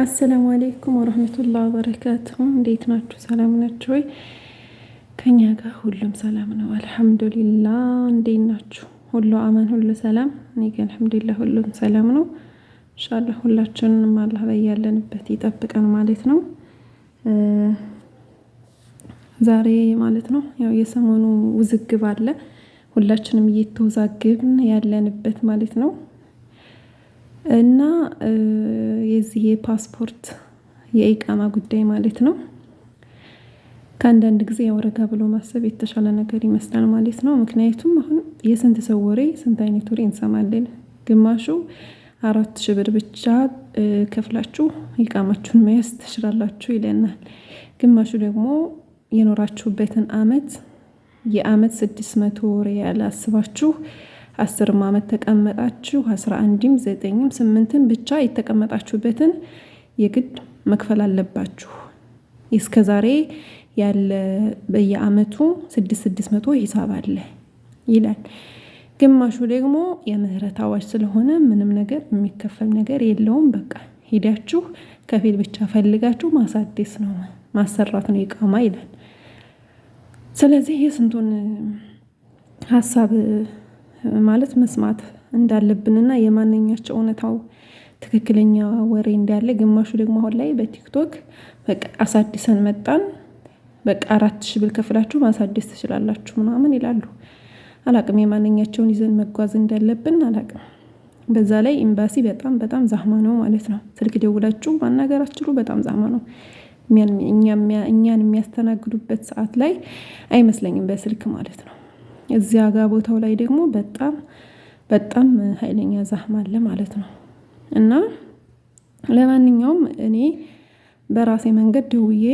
አሰላሙ አሌይኩም ወረህመቱላህ በረካቱሁ። እንዴት ናችሁ? ሰላም ናችሁ ወይ? ከኛ ጋር ሁሉም ሰላም ነው አልሐምዱሊላ። እንዴት ናችሁ? ሁሉ አማን፣ ሁሉ ሰላም። እኔ ጋ ሁሉም ሰላም ነው። እንሻላ ሁላችንንም አላህ በያለንበት ይጠብቀን ማለት ነው። ዛሬ ማለት ነው ያው የሰሞኑ ውዝግብ አለ፣ ሁላችንም እየተወዛግብን ያለንበት ማለት ነው እና የዚህ የፓስፖርት የኢቃማ ጉዳይ ማለት ነው። ከአንዳንድ ጊዜ ያወረጋ ብሎ ማሰብ የተሻለ ነገር ይመስላል ማለት ነው። ምክንያቱም አሁን የስንት ሰው ወሬ ስንት አይነት ወሬ እንሰማለን። ግማሹ አራት ሺህ ብር ብቻ ከፍላችሁ ኢቃማችሁን መያዝ ትችላላችሁ ይለናል። ግማሹ ደግሞ የኖራችሁበትን አመት የአመት ስድስት መቶ ያለ አስባችሁ አስርም ዓመት ተቀመጣችሁ አስራ አንድም ዘጠኝም ስምንትም ብቻ የተቀመጣችሁበትን የግድ መክፈል አለባችሁ። እስከ ዛሬ ያለ በየአመቱ ስድስት ስድስት መቶ ሂሳብ አለ ይላል። ግማሹ ደግሞ የምህረት አዋጅ ስለሆነ ምንም ነገር የሚከፈል ነገር የለውም። በቃ ሄዳችሁ ከፊል ብቻ ፈልጋችሁ ማሳደስ ነው ማሰራት ነው ይቃማ ይላል። ስለዚህ የስንቱን ሀሳብ ማለት መስማት እንዳለብንና የማንኛቸው እውነታው ትክክለኛ ወሬ እንዳለ ግማሹ ደግሞ አሁን ላይ በቲክቶክ አሳድሰን መጣን በቃ አራት ሺ ብር ከፍላችሁ ማሳደስ ትችላላችሁ ምናምን ይላሉ። አላቅም የማንኛቸውን ይዘን መጓዝ እንዳለብን አላቅም በዛ ላይ ኤምባሲ በጣም በጣም ዛህማ ነው ማለት ነው። ስልክ ደውላችሁ ማናገር በጣም ዛህማ ነው። እኛን የሚያስተናግዱበት ሰዓት ላይ አይመስለኝም በስልክ ማለት ነው እዚያ ጋር ቦታው ላይ ደግሞ በጣም በጣም ሀይለኛ ዛህም አለ ማለት ነው። እና ለማንኛውም እኔ በራሴ መንገድ ደውዬ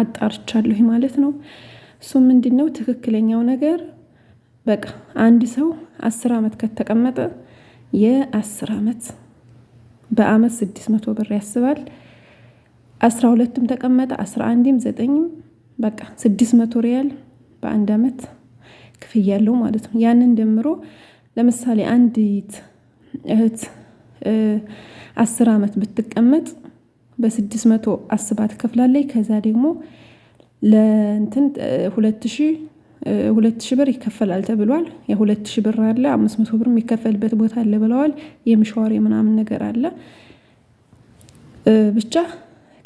አጣርቻለሁ ማለት ነው። እሱ ምንድነው ትክክለኛው ነገር በቃ አንድ ሰው አስር ዓመት ከተቀመጠ የአስር ዓመት በአመት ስድስት መቶ ብር ያስባል። አስራ ሁለትም ተቀመጠ አስራ አንድም ዘጠኝም በቃ ስድስት መቶ ሪያል በአንድ አመት ክፍያ አለው ማለት ነው። ያንን ደምሮ ለምሳሌ አንዲት እህት አስር አመት ብትቀመጥ በስድስት መቶ አስባት ትከፍላለች። ከዛ ደግሞ ለእንትን ሁለት ሺህ ብር ይከፈላል ተብሏል። የሁለት ሺህ ብር አለ አምስት መቶ ብር የሚከፈልበት ቦታ አለ ብለዋል። የምሸዋሪ ምናምን ነገር አለ ብቻ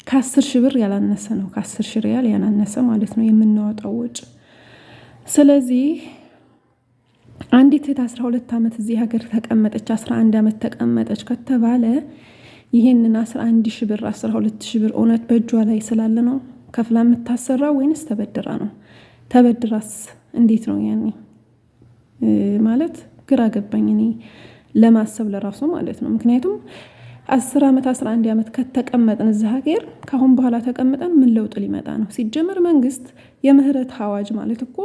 ከአስር ሺህ ብር ያላነሰ ነው። ከአስር ሺህ ሪያል ያላነሰ ማለት ነው የምናወጣው ወጪ ስለዚህ አንዲት ሴት 12 ዓመት እዚህ ሀገር ተቀመጠች፣ 11 ዓመት ተቀመጠች ከተባለ ይህንን 11 ሺህ ብር 12 ሺህ ብር እውነት በእጇ ላይ ስላለ ነው ከፍላ የምታሰራ ወይንስ ተበድራ ነው? ተበድራስ እንዴት ነው? ያኔ ማለት ግራ ገባኝ እኔ ለማሰብ ለራሱ ማለት ነው። ምክንያቱም አስር ዓመት አስራ አንድ ዓመት ከተቀመጥን እዛ ሀገር ከአሁን በኋላ ተቀምጠን ምን ለውጥ ሊመጣ ነው? ሲጀመር መንግስት የምህረት አዋጅ ማለት እኮ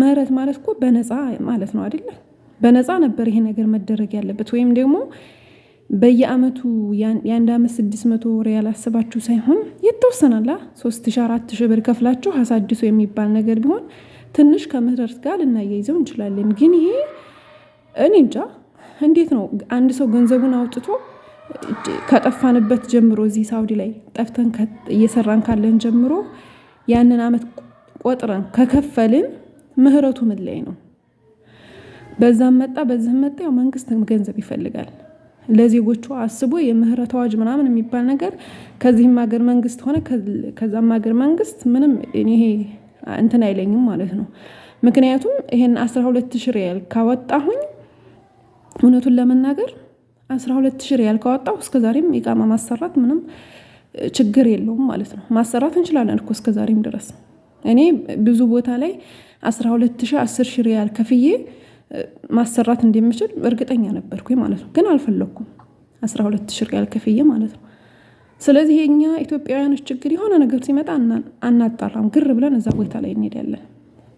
ምህረት ማለት እኮ በነፃ ማለት ነው አይደለ? በነፃ ነበር ይሄ ነገር መደረግ ያለበት። ወይም ደግሞ በየአመቱ የአንድ ዓመት ስድስት መቶ ወር ያላስባችሁ ሳይሆን የተወሰናላ ሶስት ሺ አራት ሺ ብር ከፍላችሁ አሳድሶ የሚባል ነገር ቢሆን ትንሽ ከምህረት ጋር ልናያይዘው እንችላለን። ግን ይሄ እኔ እንጃ እንዴት ነው አንድ ሰው ገንዘቡን አውጥቶ ከጠፋንበት ጀምሮ እዚህ ሳውዲ ላይ ጠፍተን እየሰራን ካለን ጀምሮ ያንን አመት ቆጥረን ከከፈልን ምህረቱ ምን ላይ ነው? በዛም መጣ በዚህም መጣ ያው መንግስት ገንዘብ ይፈልጋል። ለዜጎቹ አስቦ የምህረት አዋጅ ምናምን የሚባል ነገር ከዚህም ሀገር መንግስት ሆነ ከዛም ሀገር መንግስት ምንም ይሄ እንትን አይለኝም ማለት ነው። ምክንያቱም ይሄን 12 ሁለት ሪያል ካወጣሁኝ እውነቱን ለመናገር አስራ ሁለት ሺህ ሪያል ካወጣው እስከዛሬም ኢቃማ ማሰራት ምንም ችግር የለውም ማለት ነው። ማሰራት እንችላለን እኮ እስከዛሬም ድረስ እኔ ብዙ ቦታ ላይ አስራ ሁለት አስር ሪያል ከፍዬ ማሰራት እንደምችል እርግጠኛ ነበርኩ ማለት ነው። ግን አልፈለግኩም አስራ ሁለት ሪያል ከፍዬ ማለት ነው። ስለዚህ የኛ ኢትዮጵያውያኖች ችግር የሆነ ነገር ሲመጣ አናጣራም፣ ግር ብለን እዛ ቦታ ላይ እንሄዳለን።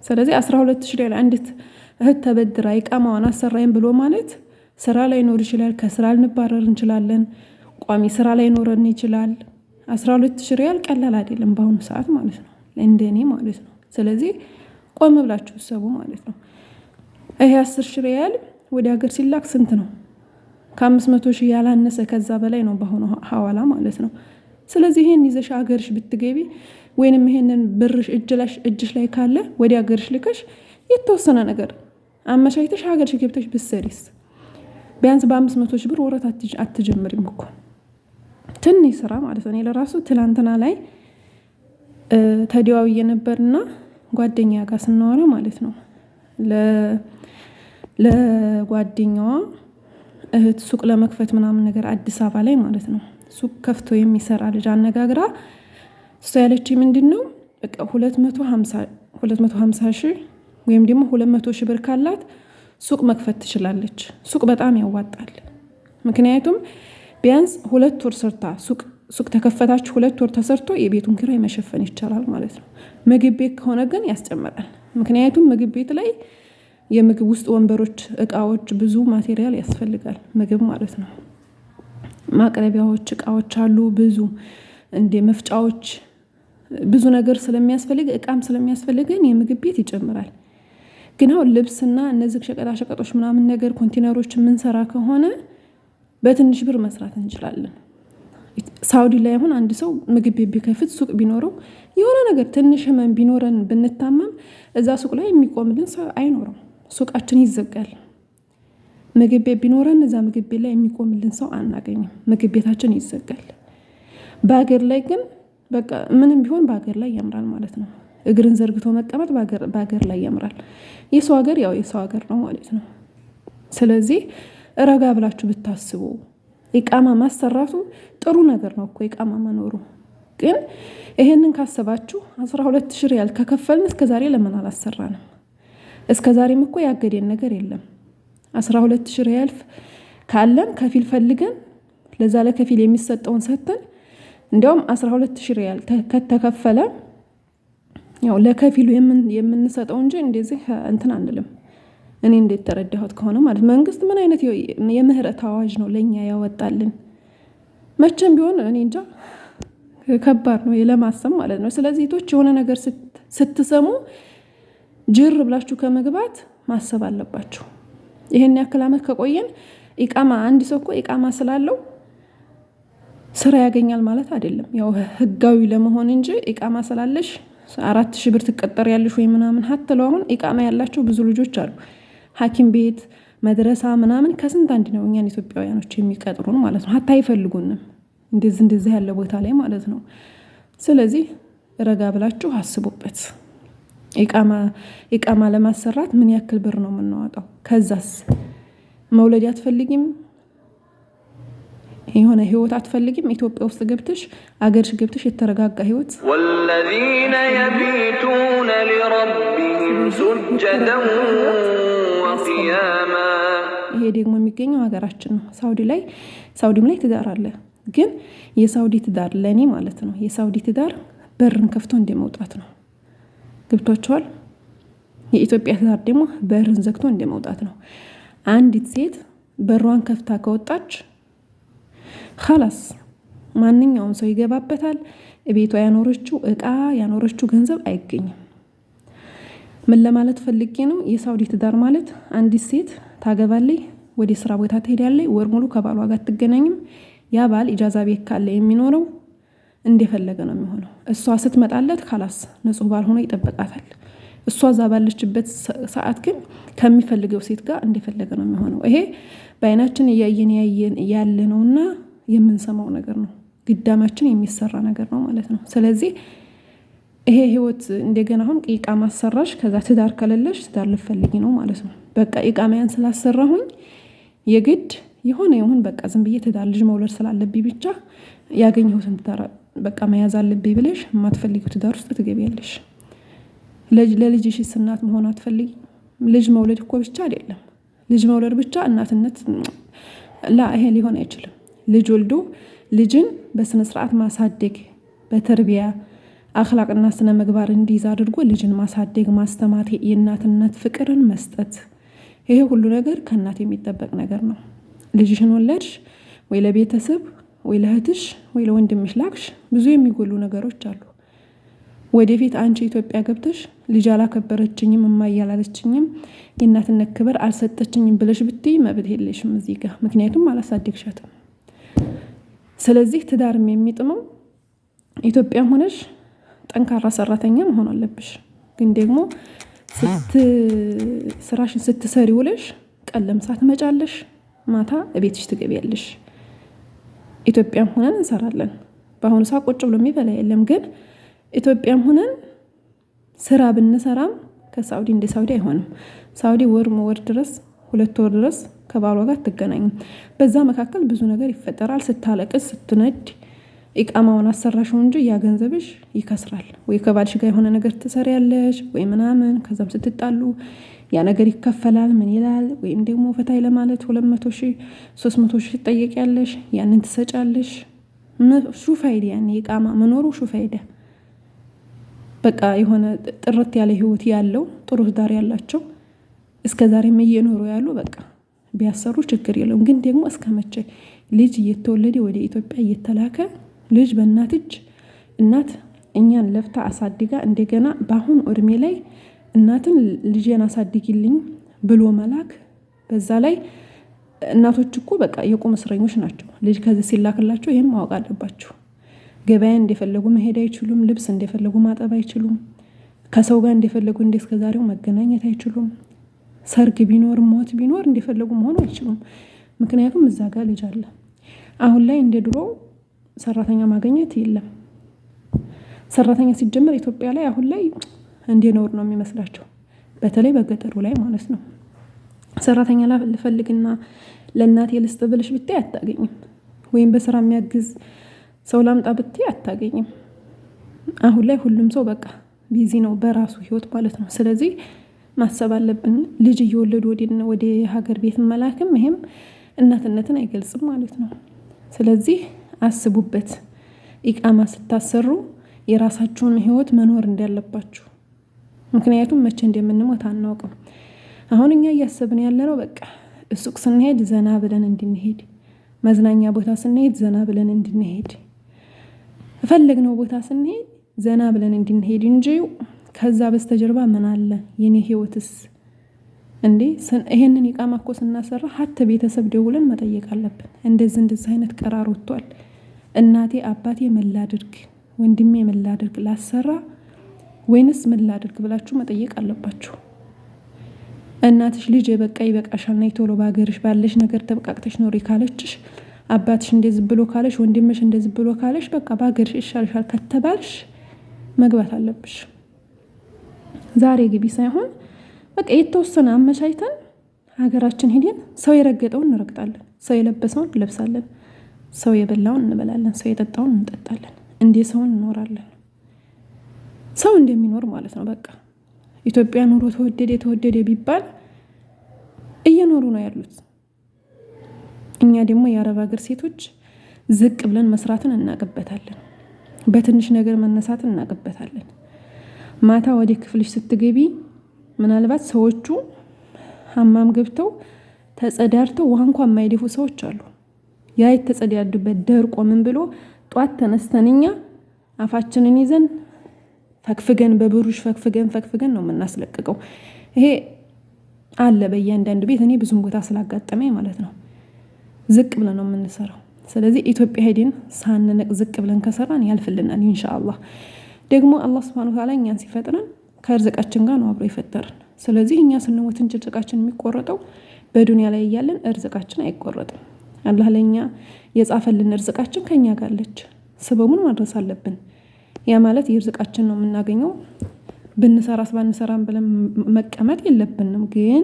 ስለዚህ አስራ ሁለት ሪያል አንዲት እህት ተበድራ ኢቃማዋን አሰራይም ብሎ ማለት ስራ ላይኖር ይችላል። ከስራ ልንባረር እንችላለን። ቋሚ ስራ ላይኖረን ይችላል። አስራ ሁለት ሺህ ሪያል ቀላል አይደለም በአሁኑ ሰዓት ማለት ነው፣ እንደኔ ማለት ነው። ስለዚህ ቆም ብላችሁ ሰቡ ማለት ነው። ይሄ አስር ሺህ ሪያል ወደ ሀገር ሲላክ ስንት ነው? ከአምስት መቶ ሺህ ያላነሰ ከዛ በላይ ነው በአሁኑ ሀዋላ ማለት ነው። ስለዚህ ይሄን ይዘሽ ሀገርሽ ብትገቢ ወይንም ይሄንን ብርሽ እጅሽ ላይ ካለ ወደ ሀገርሽ ልከሽ የተወሰነ ነገር አመቻችተሽ ሀገርሽ ገብተሽ ብትሰሪስ ቢያንስ በአምስት መቶ ሺህ ብር ወረት አትጀምሪም እኮ ትንሽ ስራ ማለት ነው። ለራሱ ትላንትና ላይ ተደዋውዬ እየነበርና ጓደኛ ጋር ስናወራ ማለት ነው ለጓደኛዋ እህት ሱቅ ለመክፈት ምናምን ነገር አዲስ አበባ ላይ ማለት ነው ሱቅ ከፍቶ የሚሰራ ልጅ አነጋግራ እሷ ያለች ምንድን ነው በቃ ሁለት መቶ ሀምሳ ሺህ ወይም ደግሞ ሁለት መቶ ሺህ ብር ካላት ሱቅ መክፈት ትችላለች። ሱቅ በጣም ያዋጣል። ምክንያቱም ቢያንስ ሁለት ወር ሰርታ ሱቅ ተከፈታችሁ ሁለት ወር ተሰርቶ የቤቱን ኪራይ መሸፈን ይቻላል ማለት ነው። ምግብ ቤት ከሆነ ግን ያስጨምራል። ምክንያቱም ምግብ ቤት ላይ የምግብ ውስጥ ወንበሮች፣ እቃዎች፣ ብዙ ማቴሪያል ያስፈልጋል። ምግብ ማለት ነው። ማቅረቢያዎች፣ እቃዎች አሉ ብዙ እንደ መፍጫዎች፣ ብዙ ነገር ስለሚያስፈልግ እቃም ስለሚያስፈልግን የምግብ ቤት ይጨምራል። ግን አሁን ልብስና እነዚህ ሸቀጣሸቀጦች ምናምን ነገር ኮንቴነሮች የምንሰራ ከሆነ በትንሽ ብር መስራት እንችላለን። ሳውዲ ላይ አሁን አንድ ሰው ምግብ ቤት ቢከፍት ሱቅ ቢኖረው የሆነ ነገር ትንሽ ህመም ቢኖረን ብንታመም እዛ ሱቅ ላይ የሚቆምልን ሰው አይኖርም። ሱቃችን ይዘጋል። ምግብ ቤት ቢኖረን እዛ ምግብ ቤት ላይ የሚቆምልን ሰው አናገኝም። ምግብ ቤታችን ይዘጋል። በሀገር ላይ ግን በቃ ምንም ቢሆን በሀገር ላይ ያምራል ማለት ነው። እግርን ዘርግቶ መቀመጥ በሀገር ላይ ያምራል። የሰው ሀገር ያው የሰው ሀገር ነው ማለት ነው። ስለዚህ ረጋ ብላችሁ ብታስቡ ኢቃማ ማሰራቱ ጥሩ ነገር ነው እኮ ኢቃማ መኖሩ። ግን ይሄንን ካሰባችሁ አስራ ሁለት ሺህ ሪያል ከከፈልን እስከ ዛሬ ለምን አላሰራንም? እስከ ዛሬም እኮ ያገደን ነገር የለም። አስራ ሁለት ሺህ ሪያል ካለን ከፊል ፈልገን ለዛ ለከፊል የሚሰጠውን ሰጥተን እንዲያውም አስራ ሁለት ሺህ ሪያል ከተከፈለ ያው ለከፊሉ የምንሰጠው እንጂ እንደዚህ እንትን አንልም። እኔ እንዴት ተረዳሁት ከሆነ ማለት መንግስት ምን አይነት የምህረት አዋጅ ነው ለእኛ ያወጣልን? መቼም ቢሆን እኔ እንጃ ከባድ ነው ለማሰብ ማለት ነው። ስለዚህ ቶች የሆነ ነገር ስትሰሙ ጅር ብላችሁ ከመግባት ማሰብ አለባችሁ። ይሄን ያክል ዓመት ከቆየን ኢቃማ አንድ ሰው እኮ ኢቃማ ስላለው ስራ ያገኛል ማለት አይደለም። ያው ህጋዊ ለመሆን እንጂ ኢቃማ ስላለሽ አራት ሺህ ብር ትቀጠር ያለሽ ወይ ምናምን ሀተለው አሁን ኢቃማ ያላቸው ብዙ ልጆች አሉ። ሐኪም ቤት መድረሳ ምናምን ከስንት አንድ ነው እኛን ኢትዮጵያውያኖች የሚቀጥሩን ማለት ነው። ሀታ አይፈልጉንም እንደዚህ እንደዚህ ያለ ቦታ ላይ ማለት ነው። ስለዚህ ረጋ ብላችሁ አስቡበት። ኢቃማ ለማሰራት ምን ያክል ብር ነው የምናወጣው? ከዛስ መውለድ አትፈልጊም? የሆነ ህይወት አትፈልጊም። ኢትዮጵያ ውስጥ ገብተሽ አገርሽ ገብተሽ የተረጋጋ ህይወት ወለዚነ የቢቱነ ሊረቢሂም ሱጀደን ወቅያማ። ይሄ ደግሞ የሚገኘው ሀገራችን ነው። ሳውዲ ላይ ሳውዲም ላይ ትዳር አለ። ግን የሳውዲ ትዳር ለእኔ ማለት ነው የሳውዲ ትዳር በርን ከፍቶ እንደ መውጣት ነው። ገብቷቸዋል። የኢትዮጵያ ትዳር ደግሞ በርን ዘግቶ እንደ መውጣት ነው። አንዲት ሴት በሯን ከፍታ ከወጣች ኸላስ ማንኛውም ሰው ይገባበታል። ቤቷ ያኖረችው እቃ ያኖረችው ገንዘብ አይገኝም። ምን ለማለት ፈልጌ ነው? የሳውዲ ትዳር ማለት አንዲት ሴት ታገባለይ፣ ወደ ስራ ቦታ ትሄዳለይ፣ ወር ሙሉ ከባሏ ጋር አትገናኝም። ያ ባል ኢጃዛ ቤት ካለ የሚኖረው እንደፈለገ ነው የሚሆነው። እሷ ስትመጣለት ካላስ ንጹሕ ባል ሆኖ ይጠብቃታል። እሷ እዛ ባለችበት ሰዓት ግን ከሚፈልገው ሴት ጋር እንደፈለገ ነው የሚሆነው። ይሄ በአይናችን እያየን ያየን ያለ ነውና የምንሰማው ነገር ነው። ግዳማችን የሚሰራ ነገር ነው ማለት ነው። ስለዚህ ይሄ ህይወት እንደገና አሁን ኢቃማ ማሰራሽ ከዛ ትዳር ከሌለሽ ትዳር ልፈልጊ ነው ማለት ነው። በቃ ኢቃማያን ስላሰራሁኝ የግድ የሆነ ይሁን በቃ ዝም ብዬ ትዳር ልጅ መውለድ ስላለብኝ ብቻ ያገኘሁትን ትዳር በቃ መያዝ አለብኝ ብለሽ የማትፈልጊው ትዳር ውስጥ ትገቢያለሽ። ለልጅሽ እናት መሆን አትፈልጊ ልጅ መውለድ እኮ ብቻ አይደለም ልጅ መውለድ ብቻ እናትነት ላ ይሄ ሊሆን አይችልም። ልጅ ወልዶ ልጅን በስነስርዓት ማሳደግ በተርቢያ አክላቅና ስነ ምግባር እንዲይዝ አድርጎ ልጅን ማሳደግ ማስተማር፣ የእናትነት ፍቅርን መስጠት፣ ይሄ ሁሉ ነገር ከእናት የሚጠበቅ ነገር ነው። ልጅሽን ወለድሽ ወይ ለቤተሰብ ወይ ለእህትሽ ወይ ለወንድምሽ ላክሽ፣ ብዙ የሚጎሉ ነገሮች አሉ። ወደፊት አንቺ ኢትዮጵያ ገብተሽ ልጅ አላከበረችኝም፣ እማዬ አላለችኝም፣ የእናትነት ክብር አልሰጠችኝም ብለሽ ብትይ መብት የለሽም እዚህ ጋር ምክንያቱም አላሳደግሻትም። ስለዚህ ትዳርም የሚጥመው ኢትዮጵያም ሆነሽ ጠንካራ ሰራተኛ መሆን አለብሽ። ግን ደግሞ ስራሽን ስትሰሪ ውለሽ ቀን ለምሳ ትመጫለሽ፣ ማታ እቤትሽ ትገቢያለሽ። ኢትዮጵያም ሆነን እንሰራለን። በአሁኑ ሰዓት ቁጭ ብሎ የሚበላ የለም። ግን ኢትዮጵያም ሆነን ስራ ብንሰራም ከሳውዲ እንደ ሳውዲ አይሆንም። ሳውዲ ወር ወር ድረስ ሁለት ወር ድረስ ከባሏ ጋር አትገናኝም። በዛ መካከል ብዙ ነገር ይፈጠራል። ስታለቅስ፣ ስትነድ ኢቃማውን አሰራሽው እንጂ ያ ገንዘብሽ ይከስራል። ወይ ከባልሽ ጋር የሆነ ነገር ትሰሪያለሽ ወይ ምናምን፣ ከዛም ስትጣሉ ያ ነገር ይከፈላል። ምን ይላል ወይም ደግሞ ፈታይ ለማለት ሁለት መቶ ሺህ ሶስት መቶ ሺህ ትጠየቂያለሽ። ያንን ትሰጫለሽ። ሹፋይዳ ያኔ ኢቃማ መኖሩ ሹፋይዳ በቃ የሆነ ጥርት ያለ ህይወት ያለው ጥሩ ትዳር ያላቸው እስከ ዛሬም እየኖሩ ያሉ በቃ ቢያሰሩ ችግር የለውም። ግን ደግሞ እስከ መቼ ልጅ እየተወለደ ወደ ኢትዮጵያ እየተላከ ልጅ በእናት እጅ እናት እኛን ለፍታ አሳድጋ እንደገና በአሁኑ እድሜ ላይ እናትን ልጄን አሳድጊልኝ ብሎ መላክ በዛ ላይ እናቶች እኮ በቃ የቁም እስረኞች ናቸው። ልጅ ከዚህ ሲላክላቸው ይህም ማወቅ አለባቸው። ገበያ እንደፈለጉ መሄድ አይችሉም። ልብስ እንደፈለጉ ማጠብ አይችሉም። ከሰው ጋር እንደፈለጉ እንደ እስከዛሬው መገናኘት አይችሉም። ሰርግ ቢኖር ሞት ቢኖር እንደፈለጉ መሆን አይችሉም። ምክንያቱም እዛ ጋር ልጅ አለ። አሁን ላይ እንደ ድሮ ሰራተኛ ማግኘት የለም። ሰራተኛ ሲጀመር ኢትዮጵያ ላይ አሁን ላይ እንደ ነውር ነው የሚመስላቸው፣ በተለይ በገጠሩ ላይ ማለት ነው። ሰራተኛ ልፈልግና ለእናቴ ልስጥ ብልሽ ብታይ አታገኝም። ወይም በስራ የሚያግዝ ሰው ላምጣ ብትይ አታገኝም። አሁን ላይ ሁሉም ሰው በቃ ቢዚ ነው በራሱ ህይወት ማለት ነው። ስለዚህ ማሰብ አለብን። ልጅ እየወለዱ ወደ ሀገር ቤት መላክም ይሄም እናትነትን አይገልጽም ማለት ነው። ስለዚህ አስቡበት። ኢቃማ ስታሰሩ የራሳችሁን ህይወት መኖር እንዳለባችሁ፣ ምክንያቱም መቼ እንደምንሞት አናውቅም። አሁን እኛ እያሰብን ያለ ነው በቃ ሱቅ ስንሄድ ዘና ብለን እንድንሄድ፣ መዝናኛ ቦታ ስንሄድ ዘና ብለን እንድንሄድ ፈለግነው ቦታ ስንሄድ ዘና ብለን እንድንሄድ እንጂ ከዛ በስተጀርባ ምን አለ የኔ ህይወትስ እንዴ ይሄንን የቃማ እኮ ስናሰራ ሀተ ቤተሰብ ደውለን መጠየቅ አለብን። እንደዚህ እንደዚህ አይነት ቀራር ወጥቷል። እናቴ አባቴ መላድርግ ወንድሜ መላድርግ ላሰራ ወይንስ መላድርግ ብላችሁ መጠየቅ አለባችሁ። እናትሽ ልጅ የበቃ ይበቃሻል፣ የቶሎ ቶሎ በሀገርሽ ባለሽ ነገር ተብቃቅተሽ ኖሪ ካለችሽ አባትሽ እንደዚ ብሎ ካለሽ፣ ወንድምሽ እንደዚ ብሎ ካለሽ፣ በቃ በሀገርሽ ይሻልሻል ከተባልሽ መግባት አለብሽ። ዛሬ ግቢ ሳይሆን በቃ የተወሰነ አመቻችተን ሀገራችን ሄደን ሰው የረገጠውን እንረግጣለን፣ ሰው የለበሰውን እንለብሳለን፣ ሰው የበላውን እንበላለን፣ ሰው የጠጣውን እንጠጣለን፣ እንደ ሰውን እንኖራለን። ሰው እንደሚኖር ማለት ነው። በቃ ኢትዮጵያ ኑሮ ተወደደ የተወደደ ቢባል እየኖሩ ነው ያሉት። እኛ ደግሞ የአረብ ሀገር ሴቶች ዝቅ ብለን መስራትን እናቅበታለን። በትንሽ ነገር መነሳትን እናቅበታለን። ማታ ወደ ክፍልሽ ስትገቢ ምናልባት ሰዎቹ ሀማም ገብተው ተጸዳርተው ውሃ እንኳ የማይደፉ ሰዎች አሉ። ያ የተጸዳዱበት ደርቆ ምን ብሎ ጧት ተነስተን እኛ አፋችንን ይዘን ፈግፍገን በብሩሽ ፈግፍገን ፈግፍገን ነው የምናስለቅቀው። ይሄ አለ በእያንዳንዱ ቤት እኔ ብዙም ቦታ ስላጋጠመኝ ማለት ነው። ዝቅ ብለን ነው የምንሰራው። ስለዚህ ኢትዮጵያ ሄድን ሳንነቅ ዝቅ ብለን ከሰራን ያልፍልናል ኢንሻአላህ። ደግሞ አላህ ስብሃነ ወተዓላ እኛን ሲፈጥረን ከእርዝቃችን ጋር ነው አብሮ የፈጠረን። ስለዚህ እኛ ስንሞትን እርዝቃችን የሚቆረጠው በዱንያ ላይ እያለን እርዝቃችን አይቆረጥም። አላህ ለእኛ የጻፈልን እርዝቃችን ከኛ ጋር አለች። ስበሙን ማድረስ አለብን። ያ ማለት የእርዝቃችን ነው የምናገኘው። ብንሰራስ ባንሰራም ብለን መቀመጥ የለብንም ግን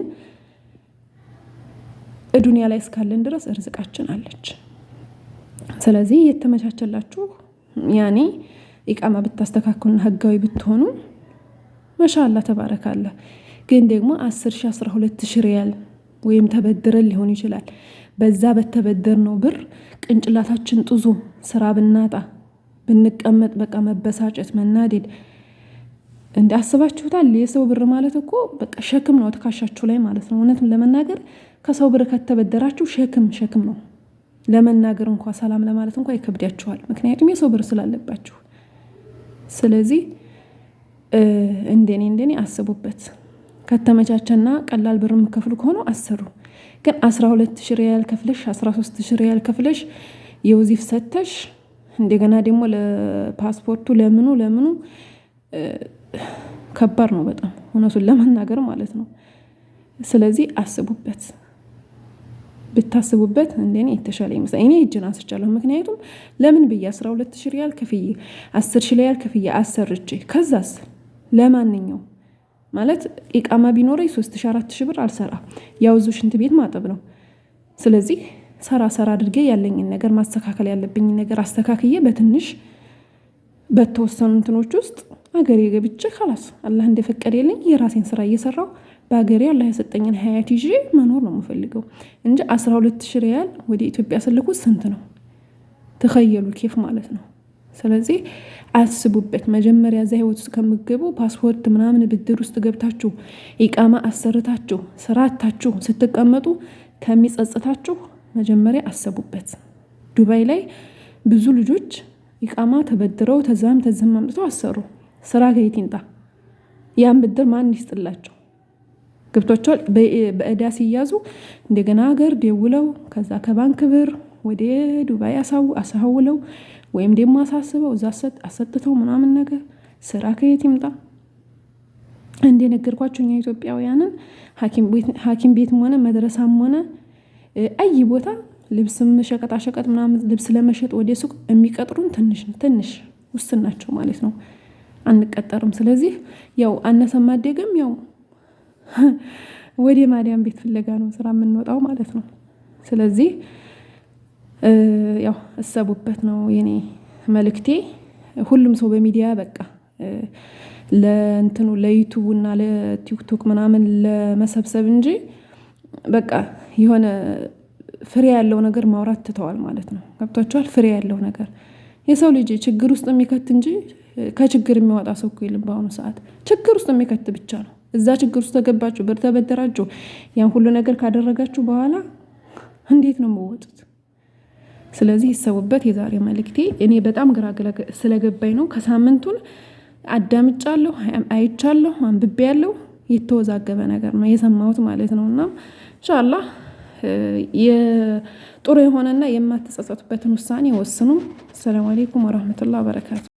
ዱኒያ ላይ እስካለን ድረስ ርዝቃችን አለች። ስለዚህ የተመቻቸላችሁ ያኔ ኢቃማ ብታስተካክሉና ህጋዊ ብትሆኑ መሻላ ተባረካለ። ግን ደግሞ 10 ሺ 12 ሺህ ሪያል ወይም ተበድረን ሊሆን ይችላል። በዛ በተበደር ነው ብር ቅንጭላታችን ጥዙ ስራ ብናጣ ብንቀመጥ በቃ መበሳጨት መናደድ እንደ አስባችሁታል። የሰው ብር ማለት እኮ በቃ ሸክም ነው ትከሻችሁ ላይ ማለት ነው። እውነትም ለመናገር ከሰው ብር ከተበደራችሁ ሸክም ሸክም ነው። ለመናገር እንኳ ሰላም ለማለት እንኳ ይከብዳችኋል። ምክንያቱም የሰው ብር ስላለባችሁ። ስለዚህ እንደኔ እንደኔ አስቡበት። ከተመቻቸና ቀላል ብር የምከፍሉ ከሆነ አሰሩ። ግን አስራ ሁለት ሺ ሪያል ከፍለሽ 13 ሺ ሪያል ከፍለሽ የውዚፍ ሰተሽ እንደገና ደግሞ ለፓስፖርቱ ለምኑ ለምኑ ከባድ ነው በጣም እውነቱን ለመናገር ማለት ነው። ስለዚህ አስቡበት፣ ብታስቡበት እንደኔ የተሻለ ይመስላል። እኔ እጅን አንስቻለሁ። ምክንያቱም ለምን ብዬ አስራ ሁለት ሺ ሪያል ከፍዬ አስር ሺ ሪያል ከፍዬ አሰርቼ ከዛስ ለማንኛው ማለት ኢቃማ ቢኖረኝ ሶስት ሺ አራት ሺ ብር አልሰራ ያው እዚሁ ሽንት ቤት ማጠብ ነው። ስለዚህ ሰራ ሰራ አድርጌ ያለኝን ነገር ማስተካከል ያለብኝን ነገር አስተካክዬ በትንሽ በተወሰኑ እንትኖች ውስጥ አገሬ ገብቼ ከላስ አላህ እንደፈቀደልኝ የራሴን ስራ እየሰራው በሀገሬ አላህ የሰጠኝን ሀያት ይዤ መኖር ነው የምፈልገው እንጂ አስራ ሁለት ሺ ሪያል ወደ ኢትዮጵያ ስልኩት ስንት ነው? ተኸየሉ ኬፍ ማለት ነው። ስለዚህ አስቡበት። መጀመሪያ እዛ ህይወት ውስጥ ከምገቡ ፓስፖርት ምናምን ብድር ውስጥ ገብታችሁ ኢቃማ አሰርታችሁ ስራታችሁ ስትቀመጡ ከሚጸጽታችሁ መጀመሪያ አሰቡበት። ዱባይ ላይ ብዙ ልጆች ኢቃማ ተበድረው ተዛም ተዝም አምጥተው አሰሩ። ስራ ከየት ይምጣ? ያን ብድር ማን ይስጥላቸው? ገብቷቸዋል። በእዳ ሲያዙ እንደገና ሀገር ደውለው ከዛ ከባንክ ብር ወደ ዱባይ አሳውለው ወይም ደግሞ አሳስበው እዛ አሰጥተው ምናምን ነገር ስራ ከየት ይምጣ? እንደነገርኳቸው እኛ ኢትዮጵያውያንን ሐኪም ቤትም ሆነ መድረሳም ሆነ አይ ቦታ ልብስም ሸቀጣሸቀጥ ምናምን ልብስ ለመሸጥ ወደ ሱቅ የሚቀጥሩን ትንሽ ትንሽ ውስን ናቸው ማለት ነው። አንቀጠርም። ስለዚህ ያው አነሰም አደገም ያው ወደ ማዲያም ቤት ፍለጋ ነው ስራ የምንወጣው ማለት ነው። ስለዚህ ያው እሰቡበት ነው የኔ መልእክቴ። ሁሉም ሰው በሚዲያ በቃ ለእንትኑ ለዩቱብ እና ለቲክቶክ ምናምን ለመሰብሰብ እንጂ በቃ የሆነ ፍሬ ያለው ነገር ማውራት ትተዋል ማለት ነው። ገብቷችኋል? ፍሬ ያለው ነገር የሰው ልጅ ችግር ውስጥ የሚከት እንጂ ከችግር የሚወጣ ሰው እኮ የለም። በአሁኑ ሰዓት ችግር ውስጥ የሚከት ብቻ ነው። እዛ ችግር ውስጥ ተገባችሁ፣ ብር ተበደራችሁ፣ ያን ሁሉ ነገር ካደረጋችሁ በኋላ እንዴት ነው መወጡት? ስለዚህ ይሰቡበት። የዛሬ መልእክቴ እኔ በጣም ግራ ስለገባኝ ነው። ከሳምንቱን አዳምጫለሁ፣ አይቻለሁ፣ አንብቤ ያለው የተወዛገበ ነገር ነው የሰማሁት ማለት ነው እና ኢንሻላህ ጥሩ የሆነና የማትጸጸቱበትን ውሳኔ ወስኑ። አሰላሙ አሌይኩም ወረህመቱላህ በረካቱ